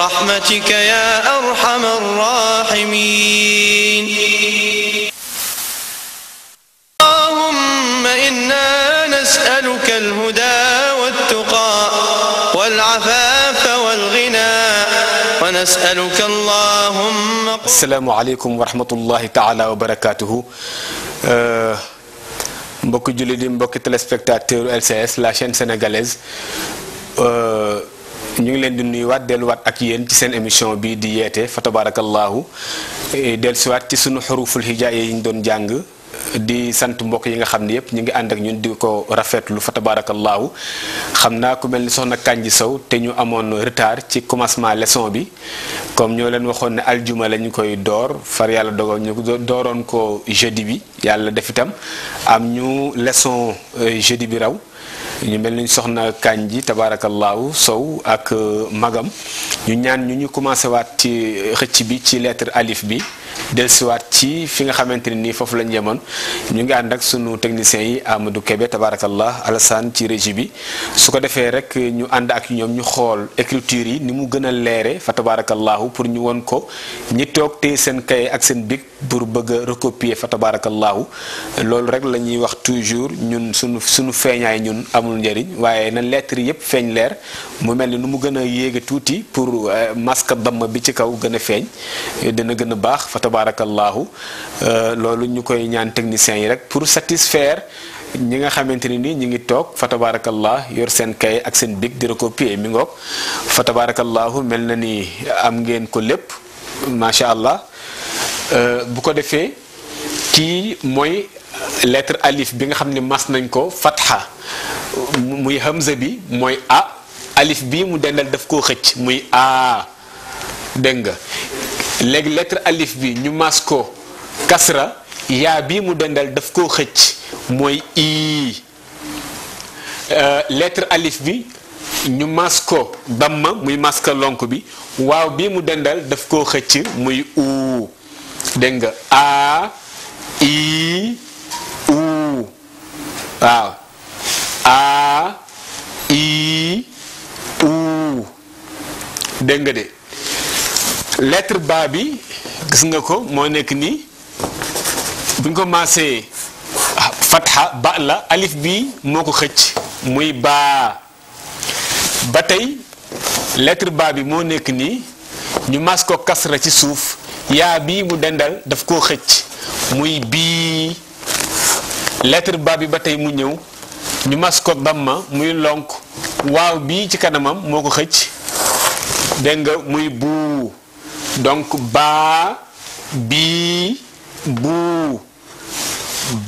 برحمتك يا أرحم الراحمين اللهم إنا نسألك الهدى والتقى والعفاف والغنى ونسألك اللهم السلام عليكم ورحمة الله تعالى وبركاته أه mbokki julli di mbokki téléspectateur LCS la chaîne sénégalaise euh, ñu ngi leen di nuyuwaat delluwaat ak yéen ci seen émission bi di yeete fa tabaarakallaahu e, dellusiwaat ci sunu xuruful hijaay yi ñu doon jàng di sant mbokk yi nga xam ne yëpp ñu ngi ànd ak ñun di ko rafetlu fa tabaarakallaahu xam naa ku mel ni soxna Kànji Sow te ñu amoon retard ci commencement lesson bi comme ñoo leen waxoon ne aljuma la ñu koy door far yàlla dogal ñu dooroon ko jeudi bi yàlla def itam am ñu leçon e, jeudi bi raw ñu mel ni soxna Kañ ji tabaarakallaahu Sow ak euh, magam ñu ñaan ñu ñu commencé waat ci euh, xëcc bi ci lettre alif bi dellusiwaat ci fi nga xamante ne nii foofu lañ yemoon ñu ngi ànd ak sunu techniciens yi Amadou Kébé tabarakallah Alassane ci régi bi su ko defee rek ñu ànd ak ñoom ñu xool écriture yi ni mu gën a leere fa tabarakallahu pour ñu woon ko ñi toog te seen kay ak seen big pour bëgg a recopier fa tabarakallahu loolu rek la ñuy wax toujours ñun sunu sunu feeñaay ñun amul njëriñ waaye na lettres yëpp feeñ leer mu mel ni nu mu gën a yéege tuuti pour euh, masque damm bi ci kaw gën a feeñ tabaarakallaahu euh, loolu ñu koy ñaan techniciens yi rek pour satisfaire ñi nga xamante ne ni ñu ngi toog fa tabaarakallah yor seen kay ak seen big di recopier mi ngoog fa tabaarakallahu mel na nii am ngeen ko lépp macha allah euh, bu ko defee kii mooy lettre alif bi nga xam ne mas nañ ko fatha muy hamza bi mooy a alif bii mu dendal daf koo xëcc muy a dégg nga léegi lettre alif bi ñu mas ko kasra yaa bii mu dendal daf koo xëcc mooy ii euh, lettre alif bi ñu masko ko damma muy maska lonk bi waaw bi mu dendal daf koo xëcc muy uu dégg nga a i u waaw a i u dégg de lettre baa bi gis nga ko moo nekk nii buñ ko maasee ah, fatxa ba la alif bi moo ko xëcc muy baa ba tey lettre baa bi moo nekk nii ñu maas ko kasra ci suuf yaa bii mu dendal daf koo xëcc muy bii lettre ba bi ba tey mu ñëw ñu mas ko damma muy lonk waaw bii ci kanamam moo ko xëcc dégg muy buu donc ba bi bou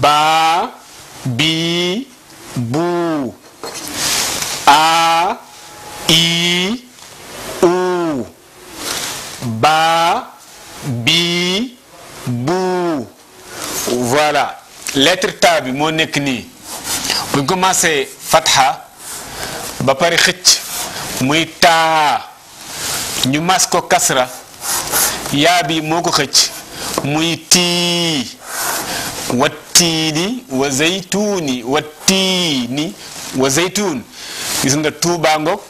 ba bi bou a i ou ba bi bou voilà lettre ta mon moo nekk fatha ba muita numasko kasra yaa bi moo ko xëcc muy tii wa tiini wa wa tiini gis nga tuubaa ngoog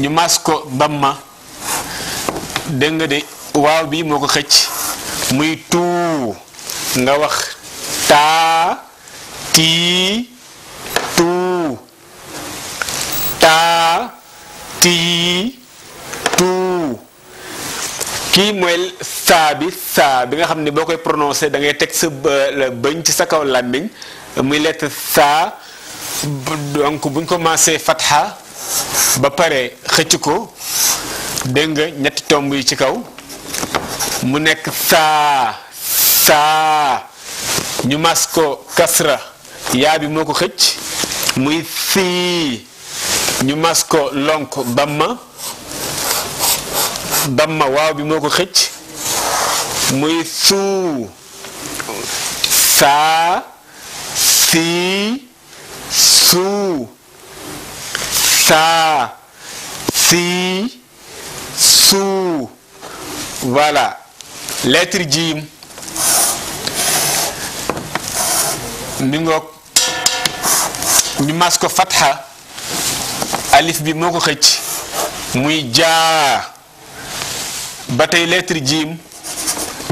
ñu mas ko damma dégg nga de waaw bi moo ko xëcc muy tuu nga wax taa tii tuu taa tii tuu kii mooy saa bi saa bi nga xam ne boo koy prononcé da ngay teg sa bëñ ci sa kaw làmmiñ muy lettre saa donc buñ commencé fatxa ba pare xëcc ko dégg nga ñetti tomb yi ci kaw mu nekk saa saa ñu mas ko kasra yaa bi moo ko xëcc muy sii ñu mas ko lonk bamma damma waaw bi moo ko xëcc muy suu saa sii suu saa sii suu voilà lettre jiim mi ngoog ñu mas ko fatxa alif bi moo ko xëcc muy jaa ba tey lettre jiim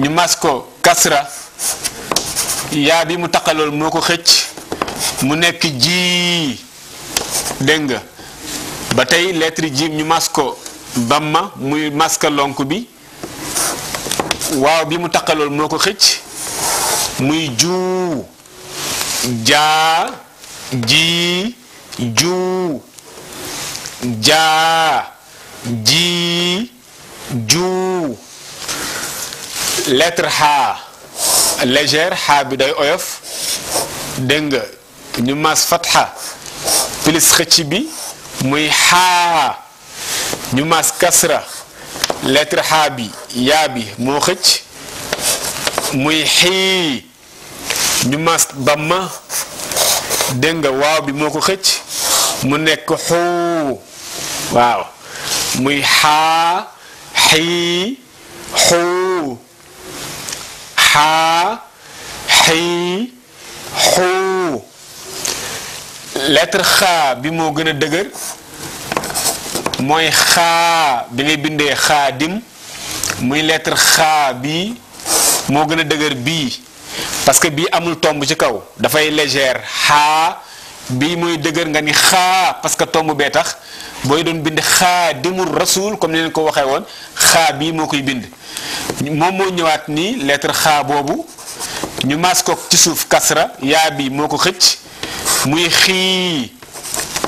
ñu mas ko kasra yaa bi mu taqalool moo ko xëcc mu nekk ji dégg nga ba tey lettre jiim ñu masko ko bamma muy maska lonk bi waaw bi mu taqalool moo ko xëcc muy juu jaa ji juu jaa ji juu lettre xaa légère xaa bi day oyof dégg nga ñu maas fatxa plus xëcc bi muy xaa ñu maas kasra lettre xaa bi yaa moo xëcc muy xii ñu maas bamma dégg nga waaw bi moo ko xëcc mu nekk xuu waaw muy xaa xii xuu xaa xii xuu lettre xaa bi moo gën a dëgër mooy xaa bi ngay bindee xaadim muy lettre xaa bi moo gën a dëgër bii parce que bii amul tomb ci kaw dafay légère xaa bi moy deuguer nga ni kha parce que tombe be tax boy done bind dimur rasul comme leen ko waxe won kha bi mokoy bind mom mo ñewat ni lettre kha bobu ñu mas ko ci souf kasra ya bi moko xecc muy khi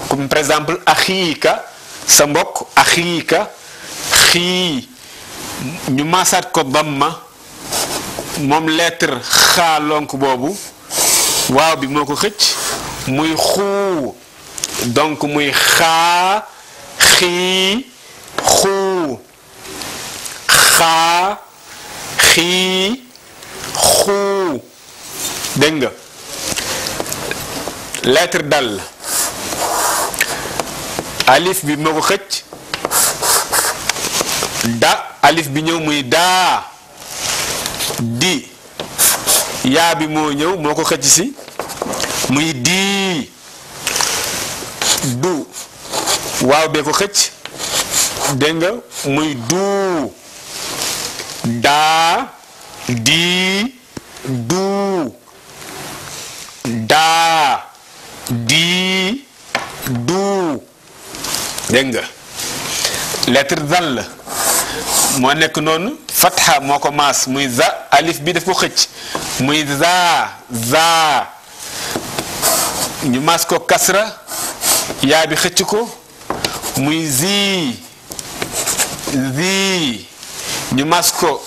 comme par exemple akhika sa mbok akhika khi ñu masat ko damma mom lettre kha lonk bobu waaw bi moko xecc muy xuu donc muy xaa xii xuu xaa xii xuu dégg nga lettre dal alif bi moo ko xëcc da alif bi ñëw muy daa di yaa bi moo ñëw moo ko xëcc si muy dii du waaw bee ko xëcc dégg nga muy duu daa dii duu daa dii duu dégg nga lettre moo nekk noonu fatxa moo ko maas muy za alif bi daf ko xëcc muy za za ñu maas ko kasra yaa bi xëcc ko muy zi zi ñu maas ko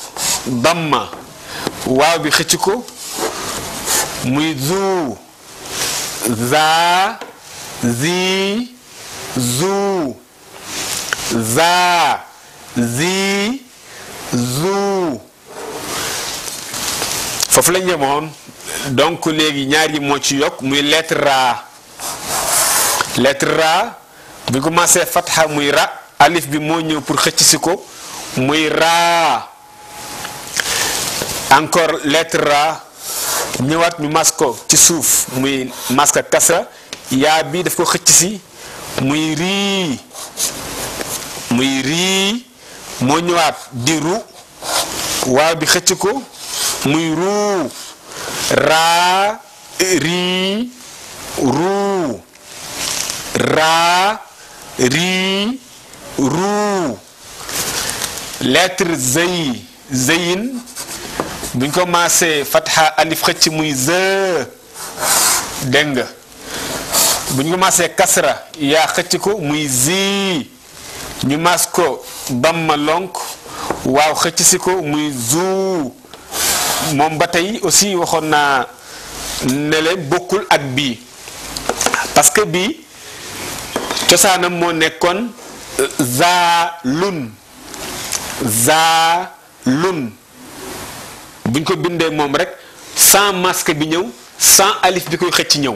damma waaw bi xëcc ko muy zu za zi zu za zi zu foofu la ñu donc léegi ñaar yi moo ci yokk muy lettre ra lettre ra bu commencé fatha muy ra alif bi moo ñëw pour xëcc si ko muy ra encore lettre ra ñëwaat ñu mas ko ci suuf muy maska kasra yaa bi dafa ko xëcc si muy rii muy rii moo ñëwaat di ru waaw bi xëcc ko muy ruu ra ri ru ra ri ru lettre zëy zëyin buñ ko maasee fatha alif xëcc muy zë dégg nga buñ ko maasee kasra yaa xëcc ko muy zi ñu maas ko bamma lonk waaw xëcc si ko muy zuu moom ba tey aussi waxoon naa ne bokkul ak bii parce que bii cosaanam moo nekkoon euh, zaalun zaalun buñ ko bindee moom rek sans masque bi ñëw sans alif bi koy xëcc ñëw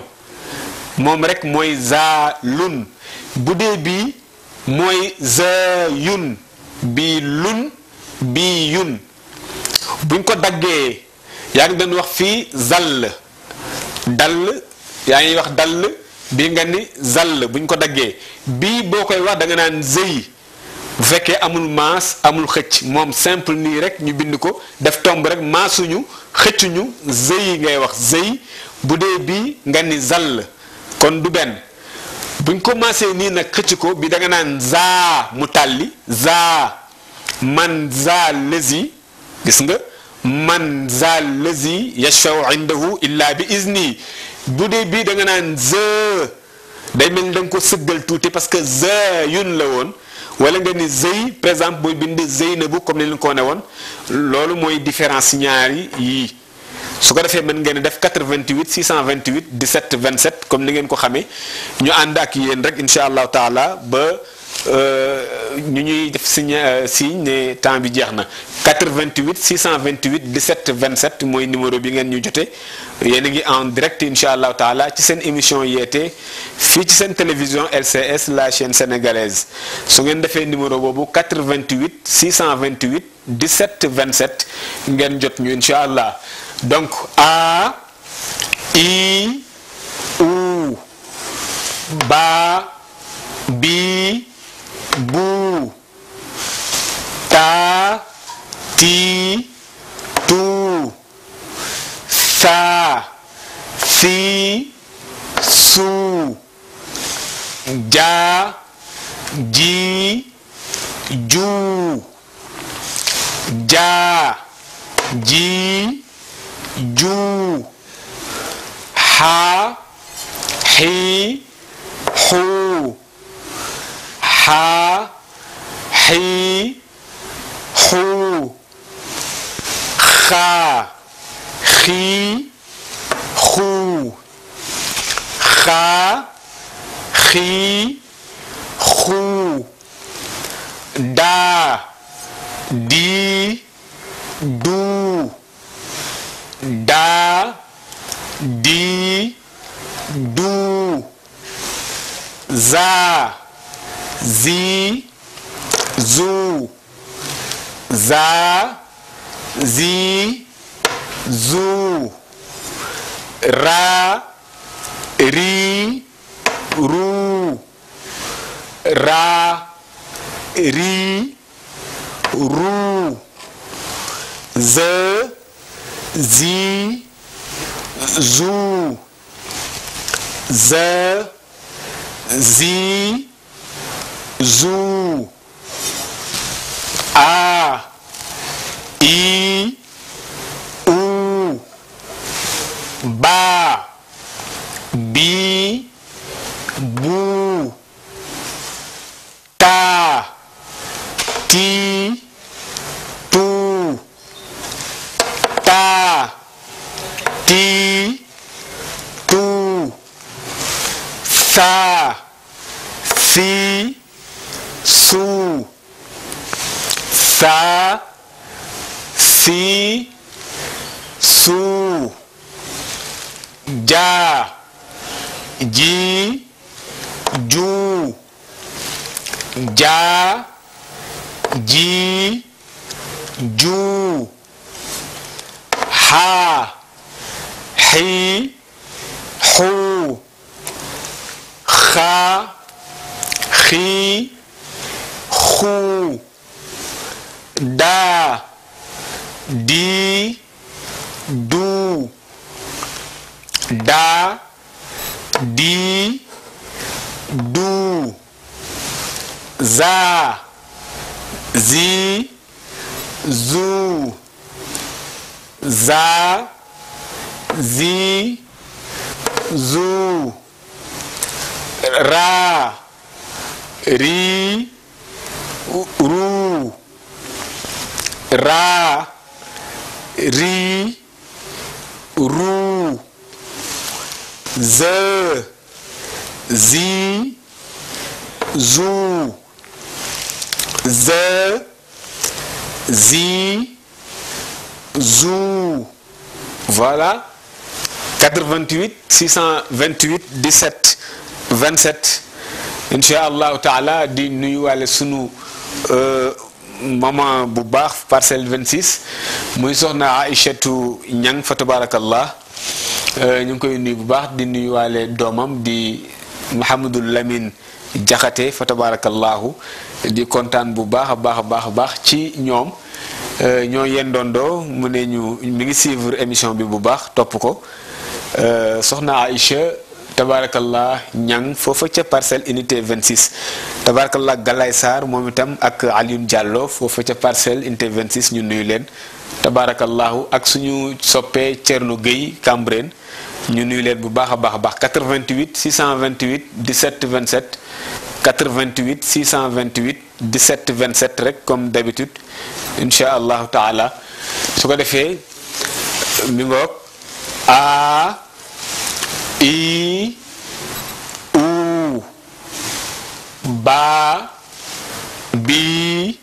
moom rek mooy zaalun bu dee bii mooy zaayun bii lun bii yun buñ ko daggee yaa ngi doon wax fii zàll dall yaa ngi wax dall bii nga ni zàll buñ ko daggee bii boo koy wax danga naan zëy bu fekkee amul maas amul xëcc moom simple nii rek ñu bind ko def tomb rek maasuñu xëccuñu zëy ngay wax zëy bu dee bii nga ni zàll kon du benn buñ ko maasee nii nag xëcc ko bi danga naan zaa mu tàlli zaa man zaa lesi gis nga man zal lazi yashfau indahu illa bi izni bu dee bii da nga naan ze day mel ni da ko sëggal tuuti parce que ze yun la woon wala nga ni zëy par exemple booy bind zëy na bu comme ni leen ko ne woon loolu mooy différence ñaari yii su ko defee mën ngeen def 88 628 17 27 comme ni ngeen ko xamee ñu ànd ak yéen rek incha allahu taala ba. Euh, ñu ñuy def signe euh, signe temps bi jeex 88 628 17 27 moy numéro bi ngeen ñu joté yéen en direct inshallah taala ci sen émission yété fi ci sen télévision LCS la chaîne sénégalaise su ngeen défé numéro bobu 88 628 17 27 ngeen jot ñu inshallah donc a i u ba bi bu ta ti tu sa si su ja ji ju ja ji ju ha hi ح حي حو خا خي خو خا خي خو دا دي دو دا دي دو زا zi zu za zi zu ra ri ru ra ri ru z zi zu z zi zu, a, i, u, ba, bi, bu, ta, ti, tu ta, ti, tu sa, si, su sa si su ja ji ju ja ji ju ha hi hu kha khi ku da di du da di du za zi zu za zi zu ra ri ru ra ri ru z zi zu z zi zou. Voilà. 88 628 17 27 incha dit taala di sous nous. Euh, maman bu baax parcelle 26 muy soxna Aïchatou Ñang fa tabarakallah euh, ñu ngi koy nuyu bu baax di nuyuwaale doomam di Mouhamadou lamin Jaxate fa tabarakallahu di kontaan bu baax a baax baax a baax ci ñoom euh, ñoo yendoondoo mu ne ñu mu ngi suivre émission bi bu baax topp ko soxna Aïcha tabaarakallah ñang foofa ca parcelle unité 26 tabaarakallah Galaye Sarr moom itam ak Alioune Diallo foofa ca parcelle unité 26 ñu nuyu leen tabaarakallahu ak suñu soppee Thierno Gueye cambren ñu nuy leen bu baax a baax a baax 88 628 17 27 88 628 17 27 rek comme d'habitude incha allahu taala su ko defee mi ngoog ah. i u ba bi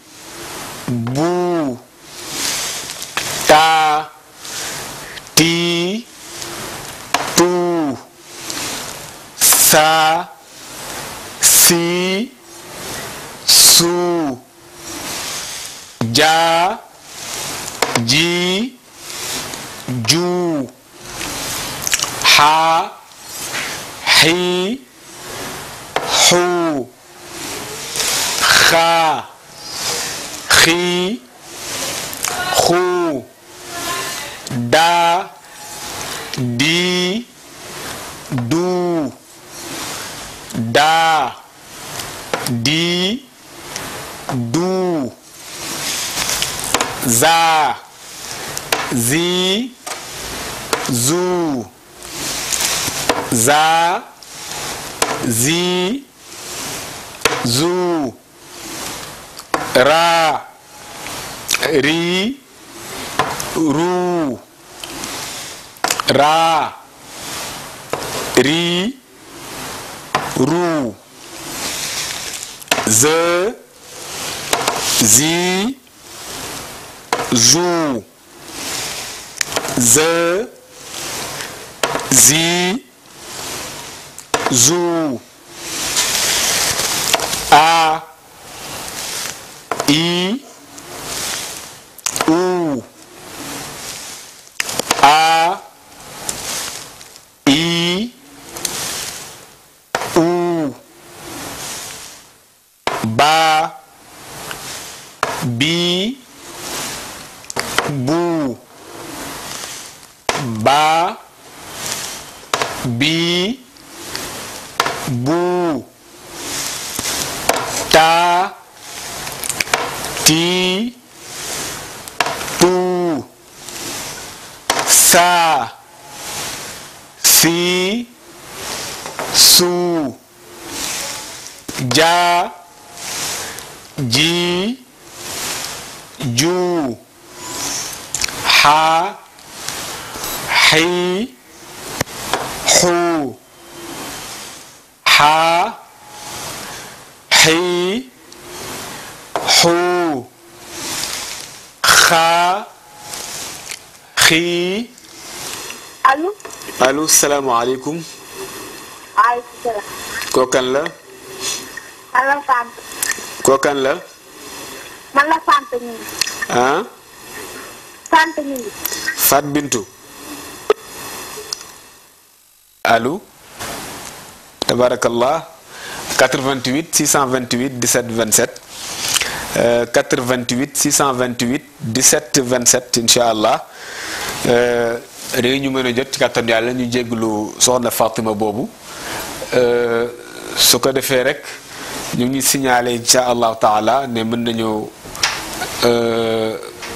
bu ta ti tu sa si su ja ji ju ha حي حو خا خي خو دا دي دو دا دي دو زا زي زو za, zi, zu, ra, ri, ru, ra, ri, ru, z, zi, zu, z, zi, zu, a, i, bu ta ti tu sa si su ja ji ju ha hi hu حي حو خ خي الو الو السلام عليكم عليكم السلام كوكان لا انا فانت كوكان لا man la sant ñi ah tabarakallah 88 628 17 27 88 628 17 27 incha allah léegi ñu mën a jot ci kàttan yàlla ñu jégglu soxna Fatima boobu euh, su ko defee rek ñu ngi signalé incha allahu taala ne mën nañu euh,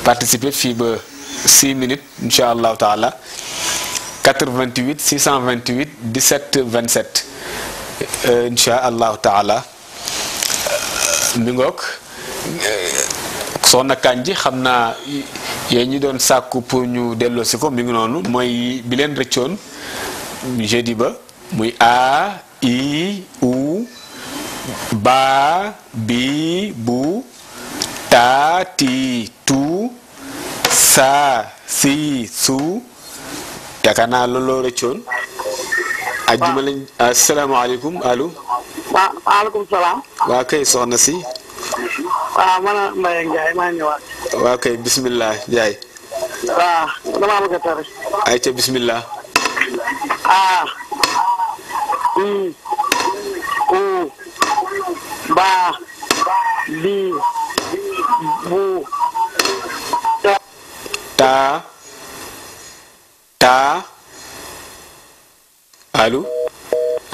participer fii ba 6 minutes incha allahu taala 88 628 17 27. Euh, incha allahu taala euh, mi ngoog euh, soxna Kandji xam naa yéen ñu doon sàkku pour ñu delloo si ko mi ngi noonu mooy bi leen rëccoon jeudi ba muy a i u ba bi bu ta ti tu sa si su yaakaar naa looloo rëccoon ajjuma lañ asalaamaaleykum ah, allo. soxna si. waaw ah, man a Mbaye maa ñëwaat. waaw kay bisimilah Ndiaye. waaw ah, damaa bëgg a tari. ayca bisimilah. i. u. ba. bi. bu. ta. allo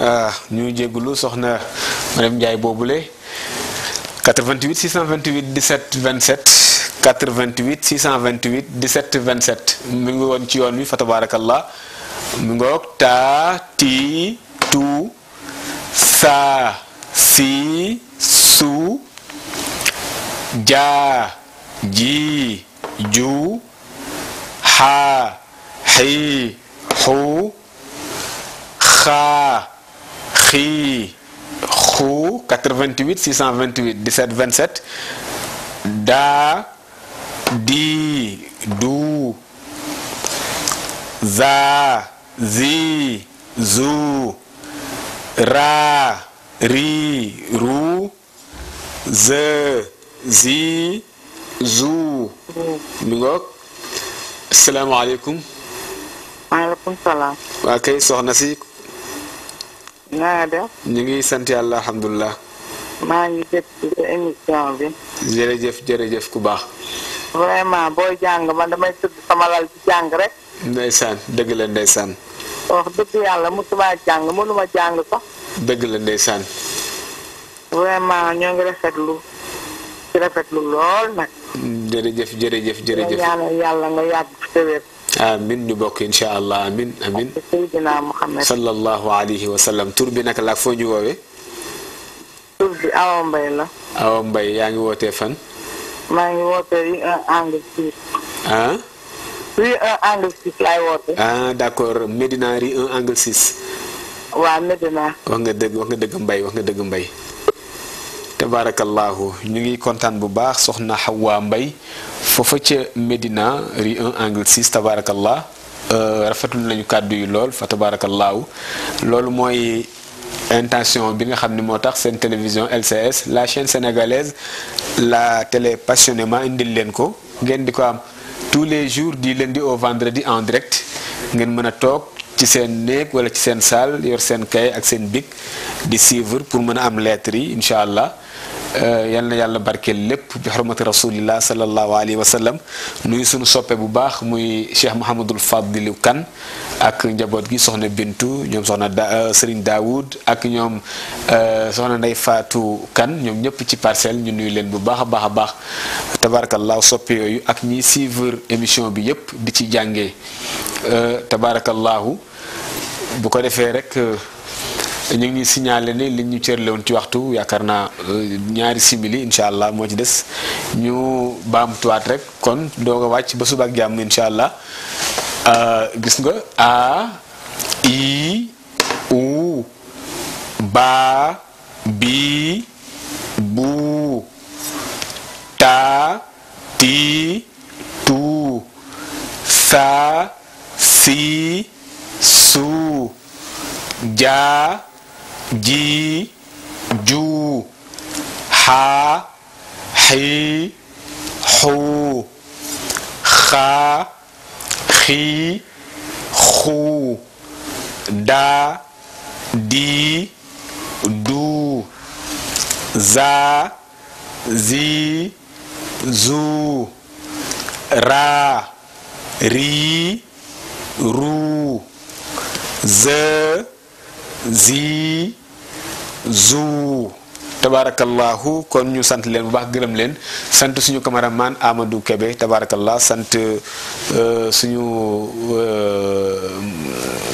ah ñu jégalu soxna madame Ndiaye boobule 88 628 17 27 88 ngi woon ci yoon wi fa tabaarakallah mi ngoog taa ti tu saa si su jaa ji ju xaa xii xuu Kha, Khi, huit 88 628 17 27 Da, di du za zi zu ra ri ru ze zi zu mingok Assalamu alaikum. Wa salaam naa def. ñu ngi sant yàlla alhamdulilah. maa ngi jëf ci émission bi. jërëjëf jërëjëf ku baax. vraiment booy jàng man damay tëdd sama lal di jàng rek. ndeysaan dëgg la ndeysaan. wax dëgg yàlla mosuma jàng mënuma jàng sax. dëgg la vraiment ñoo ngi rafetlu ci rafetlu lool nag. jërëjëf jërëjëf jërëjëf. nga ñaanal yàlla nga yàgg ci amin ñu bokk incha allah amin amin sayyidina sallallahu alayhi wa sallam bi naka laa ak foo ñu woowee tur Awa Mbaye la Awa Mbaye yaa ngi wootee fan maa ngi wootee yi un angle six ah? ah, d'accord Médina un angle six waa Médina wax nga dëgg wax nga dëgg mbay wax nga dëgg Mbaye tabaarakallaahu ñu ngi kontaan bu baax soxna Hawa mbay Pour faire Médina rue angle 6 tabarakallah euh, yi intention bi nga télévision LCS la chaîne sénégalaise la télé passionnément ko tous les jours du lundi au vendredi en direct ngén tok ci wala ci salle yor kay ak bic di suivre pour am Euh, yal na yàlla barkeel lépp bi xormati rasulillah sallallahu alayhi wa sallam nuyu suñu soppe bu baax muy cheikh Mouhamadul Fadlilu Kan ak njaboot gi soxna Bintu ñoom soxna da euh, Serigne Daoud ak ñoom euh, soxna Ndey Faatu Kan ñoom ñëpp ci parcelle ñu nuy leen bu baax a baax a baax tabaarakallaa soppe yooyu ak ñiy suivre émission bi yëpp di ci jàngee tabaarakallaahu bu ko defee rek. ñu ngi signaler ni liñ ñu cërle woon ci waxtu yakarna euh, ñaari simili inshallah mo ci des ñu tuat rek kon doga a wàcc ba suba ak inshallah euh gis nga a i u ba bi bu ta ti tu sa si su ja ji ju ha hi hu kha khi khu da di du za zi zu ra ri ru z zi zu tabarakallahu kon ñu sant leen bu baax gërëm leen sant suñu cameraman Amadou Kebe tabarakallah sant euh, suñu euh,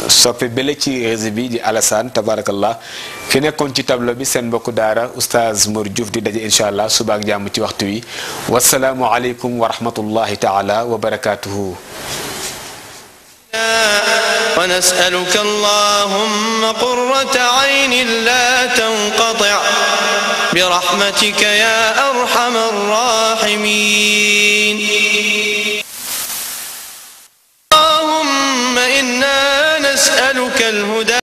soppe bele ci réseau bi di Alassane tabarakallah ki nekkoon ci tableau bi seen mbokku daara oustaz Mor Diouf di daje incha allah subaak ak ci waxtu wi wasalaamu aleykum wa rahmatullahi taala ونسألك اللهم قرة عين لا تنقطع برحمتك يا أرحم الراحمين اللهم إنا نسألك الهدى